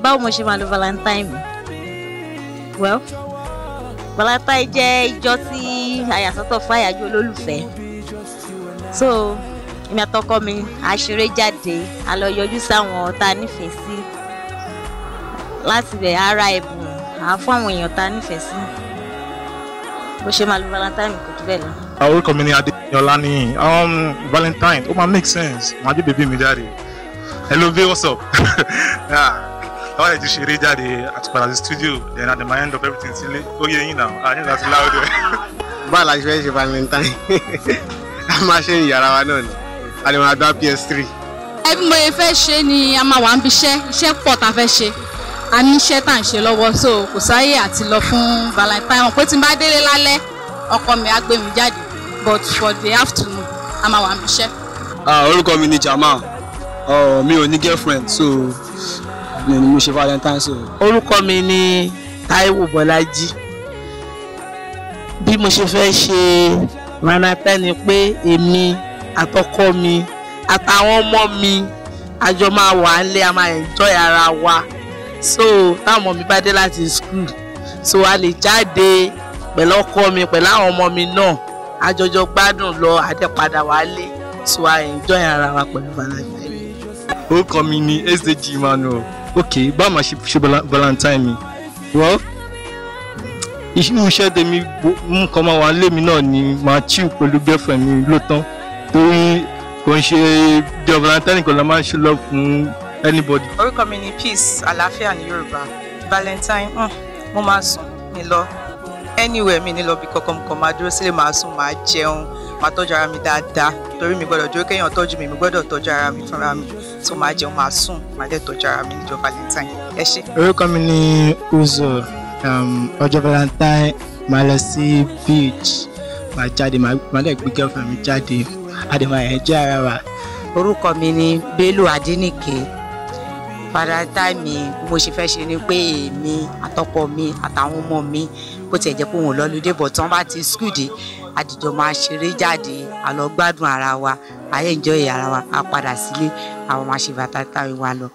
báwo mo ṣe máa lo valentine well valentine jẹ́ ìjọ tí àyàsọ́tọ̀ fún àyájọ́ olólùfẹ́ so èmi àtọkọ mi a ṣeré jáde a lọ yọjú sáwọn tá a nífẹ̀ẹ́ sí láti bẹ̀ ara ẹ̀bùn àá fún àwọn èèyàn tá a nífẹ̀ẹ́ sí bó ṣe máa lo valentine kò tó bẹ́ẹ̀ lọ. orúkọ mi ni adéyọlá ní um, valentine ó máa make sense màá jẹ́ bèbí mi jáde hello V. what's up. yeah. àwọn ètò ìṣeré jáde àtùpàdà sí studio then at the end of everything sílé ó yẹ yín náà àyìn láti láwùjọ. báà la ṣe fẹ́ ṣe valentine a máa ṣe ní yàrá wa náà ni a lè máa gbá ps3. ẹbí mo fẹ́ ṣe ni a máa wà ń fi iṣẹ́ iṣẹ́ pọ̀ tá a fẹ́ ṣe a ní iṣẹ́ tá à ń ṣe lọ́wọ́ so kò sáyè àti lọ fún valentine wọn pé tí n bá délé lálẹ́ ọkọ mi á gbé mi jáde but for the afternoon a máa wà ń fi iṣẹ́. Ah, orúkọ mi ni Jamal oh, mi ò ní girlfriend so ni mo ṣe valentine so. orúkọ mi ni Táíwò Bọ́lájí bí mo ṣe fẹ́ ṣe valentine ni pé èmi àtọkọ mi àtàwọn ọmọ mi àjọ máa wà nílé a máa enjoy ara wa so táwọn ọmọ mi bá dé láti school so a lè jáde pẹ̀lú ọkọ mi pẹ̀lú àwọn ọmọ mi náà àjọjọ gbádùn lọ àdẹ́padà wálé so a enjoy ara wa pẹ̀lú valentine orúkọ mi ni sdg emmanuel oh. ok báwo máa ṣe ṣe valentine mi well inú iṣẹ́ tèmi nǹkan máa wà lémi náà ni máa chill pẹ̀lú girlfriend mi lótán torí kò ń ṣe jọ valentine kan la máa ń ṣe lọ fún anybody. orúkọ mi ni peace àlàáfíà ní yorùbá valentine hmm, mo máa sùn mi lọ anywhere mi ní lọ bí kankan kan máa dúró sílé máa sùn máa jẹun máa tọ́jú ara mi dáadáa torí mi gbọ́dọ̀ dúró kéèyàn tọ́jú mi mi gbọ́dọ̀ tọ́jú ara mi fúnra mi tó máa jẹun máa sùn máa dẹ̀ tọ́jú ara mi níjọ́ valentine ẹ ṣé. orúkọ mi ni uzo um, ọjọ́ valentine máa lọ sí beach máa jáde máa dẹ̀ gbé girlfriend mi jáde àdèmọ̀ ẹ̀jẹ̀ ara wa. orúkọ mi ni bello adínìké valentine mi mo ṣe fẹ́ ṣe ni pé èmi àtọkọ mi àtàwọn ọmọ mi bó tiẹ̀ jẹ́ pé òun lọ́lùdé bọ̀ tán bá ti skul àdìjọ máa ṣeré jáde àlọ́ gbádùn ara wa àyẹ̀njọ́ ìyàrá wa a padà sílé àwọn máa ṣe bàtà táwọn wa lọ.